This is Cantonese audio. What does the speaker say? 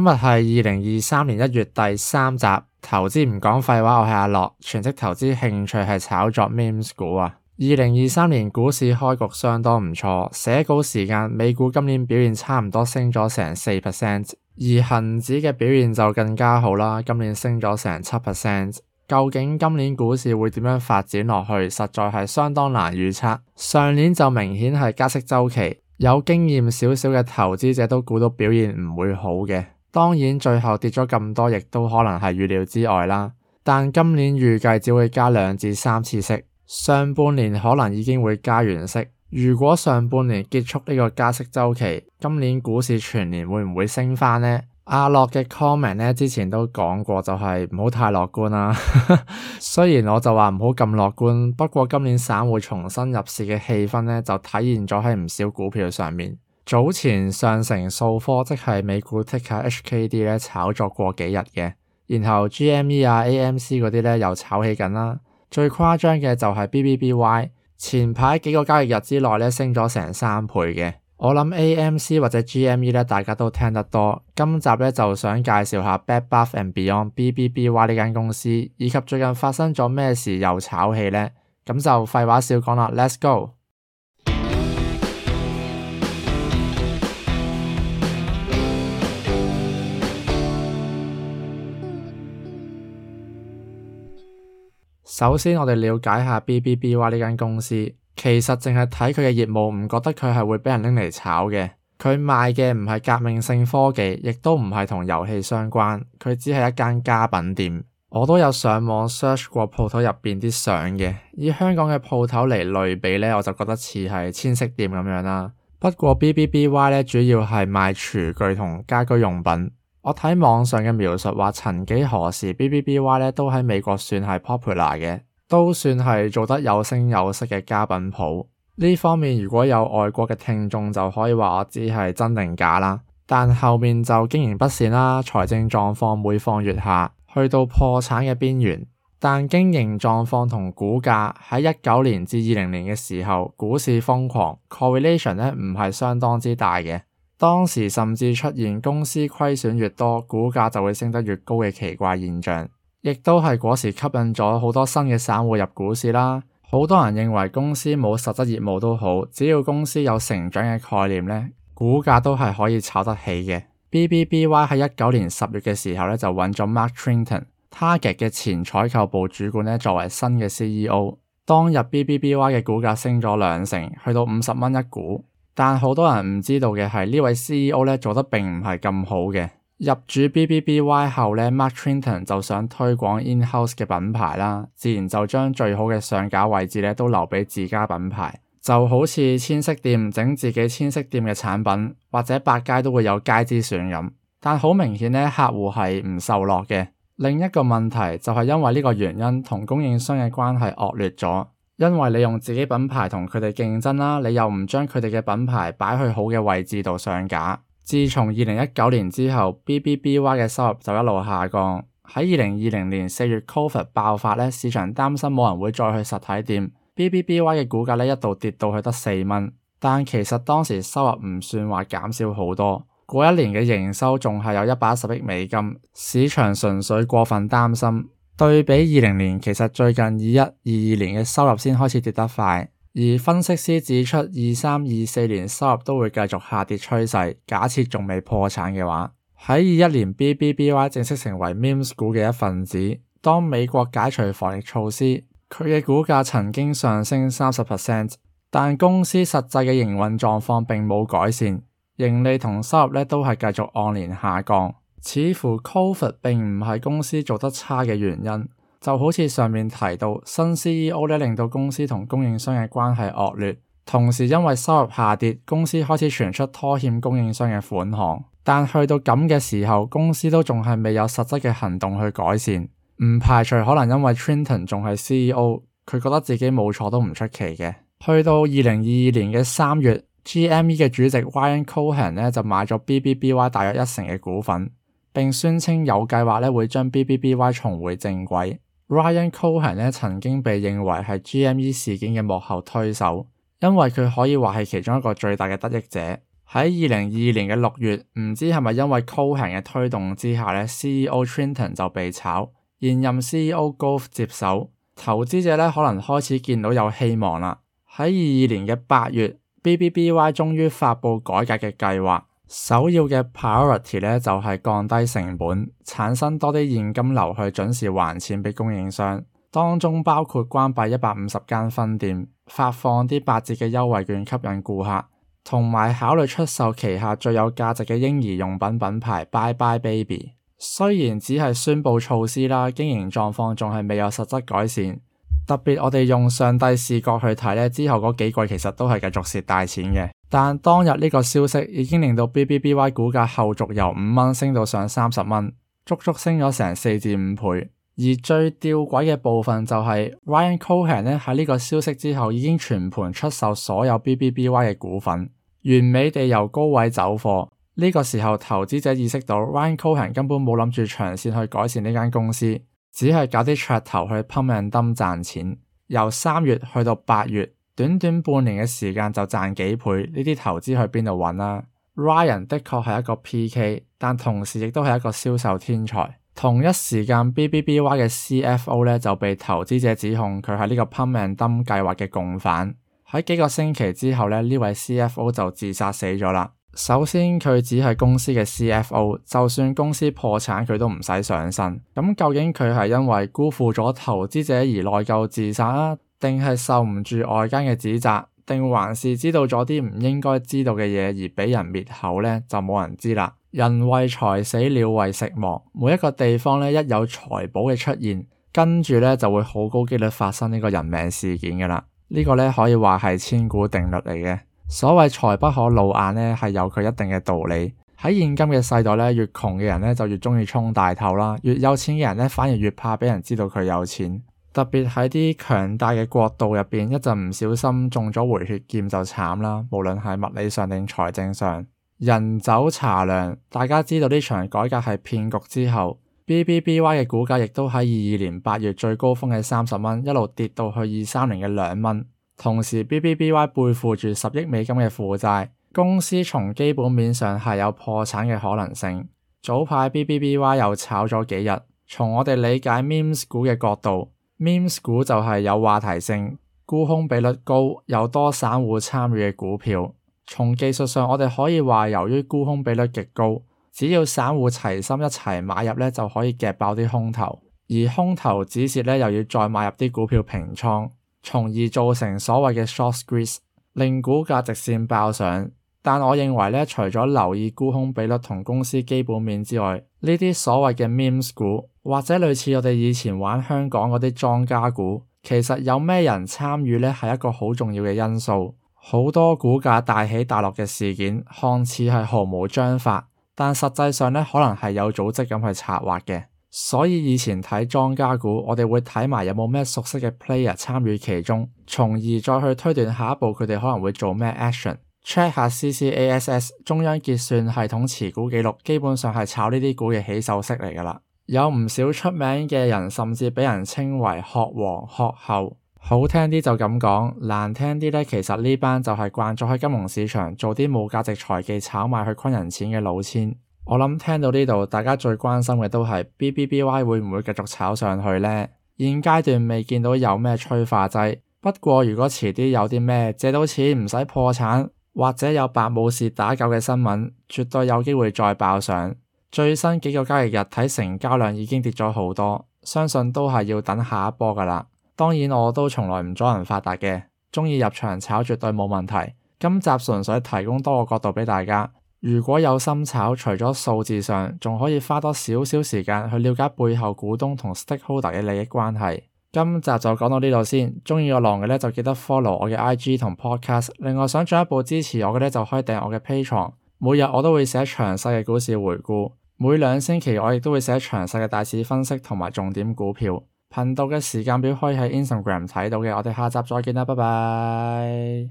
今日係二零二三年一月第三集，投資唔講廢話。我係阿樂，全職投資興趣係炒作 Memes 股啊。二零二三年股市開局相當唔錯，寫稿時間美股今年表現差唔多升咗成四 percent，而恒指嘅表現就更加好啦，今年升咗成七 percent。究竟今年股市會點樣發展落去，實在係相當難預測。上年就明顯係加息周期，有經驗少少嘅投資者都估到表現唔會好嘅。當然，最後跌咗咁多，亦都可能係預料之外啦。但今年預計只會加兩至三次息，上半年可能已經會加完息。如果上半年結束呢個加息週期，今年股市全年會唔會升返呢？阿、啊、樂嘅 comment 呢，之前都講過，就是，就係唔好太樂觀啦。 雖然我就話唔好咁樂觀，不過今年散戶重新入市嘅氣氛呢，就體現咗喺唔少股票上面。早前上成數科即係美股 ticker HKD 炒作過幾日嘅，然後 GME 啊 AMC 嗰啲咧又炒起緊啦。最誇張嘅就係 BBBY，前排幾個交易日之內咧升咗成三倍嘅。我諗 AMC 或者 GME 咧大家都聽得多，今集咧就想介紹下 Bed Bath and Beyond BBBY 呢間公司，以及最近發生咗咩事又炒起咧。咁就廢話少講啦，Let's go！首先，我哋了解下 B B B Y 呢間公司，其實淨係睇佢嘅業務，唔覺得佢係會俾人拎嚟炒嘅。佢賣嘅唔係革命性科技，亦都唔係同遊戲相關，佢只係一間家品店。我都有上網 search 過鋪頭入邊啲相嘅，以香港嘅鋪頭嚟類比咧，我就覺得似係千色店咁樣啦。不過 B B B Y 咧，主要係賣廚具同家居用品。我睇網上嘅描述話，曾幾何時 BBBY 咧都喺美國算係 popular 嘅，都算係做得有聲有色嘅家品舖。呢方面如果有外國嘅聽眾就可以話我知係真定假啦。但後面就經營不善啦，財政狀況每況愈下，去到破產嘅邊緣。但經營狀況同股價喺一九年至二零年嘅時候，股市瘋狂，correlation 咧唔係相當之大嘅。當時甚至出現公司虧損越多，股價就會升得越高嘅奇怪現象，亦都係嗰時吸引咗好多新嘅散戶入股市啦。好多人認為公司冇實質業務都好，只要公司有成長嘅概念呢，股價都係可以炒得起嘅。B B B Y 喺一九年十月嘅時候呢，就搵咗 Mark Trinton，Target 嘅前採購部主管呢，作為新嘅 C E O。當日 B B B Y 嘅股價升咗兩成，去到五十蚊一股。但好多人唔知道嘅係呢位 CEO 咧，做得並唔係咁好嘅。入主 BBBY 後咧，Mark Trinton 就想推廣 in-house 嘅品牌啦，自然就將最好嘅上架位置咧都留畀自家品牌，就好似千色店整自己千色店嘅產品，或者百佳都會有佳之選咁。但好明顯咧，客戶係唔受落嘅。另一個問題就係因為呢個原因，同供應商嘅關係惡劣咗。因為你用自己品牌同佢哋競爭啦，你又唔將佢哋嘅品牌擺去好嘅位置度上架。自從二零一九年之後，B B B Y 嘅收入就一路下降。喺二零二零年四月 Covid 爆發呢，市場擔心冇人會再去實體店，B B B Y 嘅股價咧一度跌到去得四蚊。但其實當時收入唔算話減少好多，嗰一年嘅營收仲係有一百一十億美金。市場純粹過分擔心。對比二零年，其實最近二一、二二年嘅收入先開始跌得快，而分析師指出，二三、二四年收入都會繼續下跌趨勢。假設仲未破產嘅話，喺二一年，BBBY 正式成為 Memes 股嘅一份子。當美國解除防疫措施，佢嘅股價曾經上升三十 percent，但公司實際嘅營運狀況並冇改善，盈利同收入呢都係繼續按年下降。似乎 COVID 並唔係公司做得差嘅原因，就好似上面提到新 CEO 咧，令到公司同供應商嘅關係惡劣，同時因為收入下跌，公司開始傳出拖欠供應商嘅款項。但去到咁嘅時候，公司都仲係未有實質嘅行動去改善，唔排除可能因為 Tritton 仲係 CEO，佢覺得自己冇錯都唔出奇嘅。去到二零二二年嘅三月，GME 嘅主席 Ryan Cohen 咧就買咗 BBBY 大約一成嘅股份。並宣稱有計劃咧會將 B B B Y 重回正軌。Ryan Cohen 咧曾經被認為係 G M E 事件嘅幕後推手，因為佢可以話係其中一個最大嘅得益者。喺二零二二年嘅六月，唔知係咪因為 Cohen 嘅推動之下咧，C E O Trinton 就被炒，現任 C E O Golf 接手。投資者咧可能開始見到有希望啦。喺二二年嘅八月，B B B Y 終於發布改革嘅計劃。首要嘅 priority 呢就係降低成本，產生多啲現金流去準時還錢俾供應商。當中包括關閉一百五十間分店，發放啲八折嘅優惠券吸引顧客，同埋考慮出售旗下最有價值嘅嬰兒用品品牌 Bye Bye Baby。雖然只係宣布措施啦，經營狀況仲係未有實質改善。特別我哋用上帝視角去睇呢，之後嗰幾季其實都係繼續蝕大錢嘅。但當日呢個消息已經令到 BBBY 股價後續由五蚊升到上三十蚊，足足升咗成四至五倍。而最吊詭嘅部分就係 Ryan Cohen 咧喺呢個消息之後已經全盤出售所有 BBBY 嘅股份，完美地由高位走貨。呢、這個時候投資者意識到 Ryan Cohen 根本冇諗住長線去改善呢間公司。只係搞啲噱頭去 pump and dump 賺錢，由三月去到八月，短短半年嘅時間就賺幾倍。呢啲投資去邊度揾啦？Ryan 的確係一個 PK，但同時亦都係一個銷售天才。同一時間，BBBY 嘅 CFO 呢，就被投資者指控佢係呢個 pump and dump 計劃嘅共犯。喺幾個星期之後呢，呢位 CFO 就自殺死咗啦。首先，佢只係公司嘅 CFO，就算公司破產，佢都唔使上身。咁究竟佢係因為辜負咗投資者而內疚自殺啊？定係受唔住外間嘅指責？定還是知道咗啲唔應該知道嘅嘢而畀人滅口咧？就冇人知啦。人為財死，鳥為食亡。每一個地方咧，一有財寶嘅出現，跟住咧就會好高幾率發生呢個人命事件噶啦。這個、呢個咧可以話係千古定律嚟嘅。所謂財不可露眼呢，係有佢一定嘅道理。喺現今嘅世代呢，越窮嘅人呢就越鍾意充大頭啦，越有錢嘅人呢反而越怕俾人知道佢有錢。特別喺啲強大嘅國度入邊，一陣唔小心中咗回血劍就慘啦。無論係物理上定財政上，人走茶涼。大家知道呢場改革係騙局之後，BBBY 嘅股價亦都喺二二年八月最高峰嘅三十蚊，一路跌到去二三年嘅兩蚊。同時，BBBY 背負住十億美金嘅負債，公司從基本面上係有破產嘅可能性。早排 BBBY 又炒咗幾日。從我哋理解 Memes 股嘅角度，Memes 股就係有話題性、沽空比率高、有多散戶參與嘅股票。從技術上，我哋可以話，由於沽空比率極高，只要散戶齊心一齊買入呢就可以夾爆啲空頭。而空頭止蝕呢，又要再買入啲股票平倉。從而造成所謂嘅 short squeeze，令股價直線爆上。但我認為呢，除咗留意沽空比率同公司基本面之外，呢啲所謂嘅 memes 股或者類似我哋以前玩香港嗰啲莊家股，其實有咩人參與呢？係一個好重要嘅因素。好多股價大起大落嘅事件，看似係毫無章法，但實際上呢，可能係有組織咁去策劃嘅。所以以前睇莊家股，我哋會睇埋有冇咩熟悉嘅 player 參與其中，從而再去推斷下一步佢哋可能會做咩 action。check 下 CCASS 中央結算系統持股記錄，基本上係炒呢啲股嘅起手式嚟噶啦。有唔少出名嘅人，甚至畀人稱為殼王、殼後，好聽啲就咁講，難聽啲咧，其實呢班就係慣咗喺金融市場做啲冇價值財技炒賣去昆人錢嘅老千。我諗聽到呢度，大家最關心嘅都係 BBBY 會唔會繼續炒上去呢？現階段未見到有咩催化劑。不過如果遲啲有啲咩借到錢唔使破產，或者有白武士打救嘅新聞，絕對有機會再爆上。最新幾個交易日睇成交量已經跌咗好多，相信都係要等下一波噶啦。當然我都從來唔阻人發達嘅，中意入場炒絕對冇問題。今集純粹提供多個角度俾大家。如果有心炒，除咗數字上，仲可以花多少少時間去了解背後股東同 stakeholder 嘅利益關係。今集就講到呢度先。中意我狼嘅咧，就記得 follow 我嘅 IG 同 podcast。另外想進一步支持我嘅咧，就可以訂我嘅 patreon。每日我都會寫詳細嘅股市回顧，每兩星期我亦都會寫詳細嘅大市分析同埋重點股票。頻道嘅時間表可以喺 Instagram 睇到嘅，我哋下集再見啦，拜拜。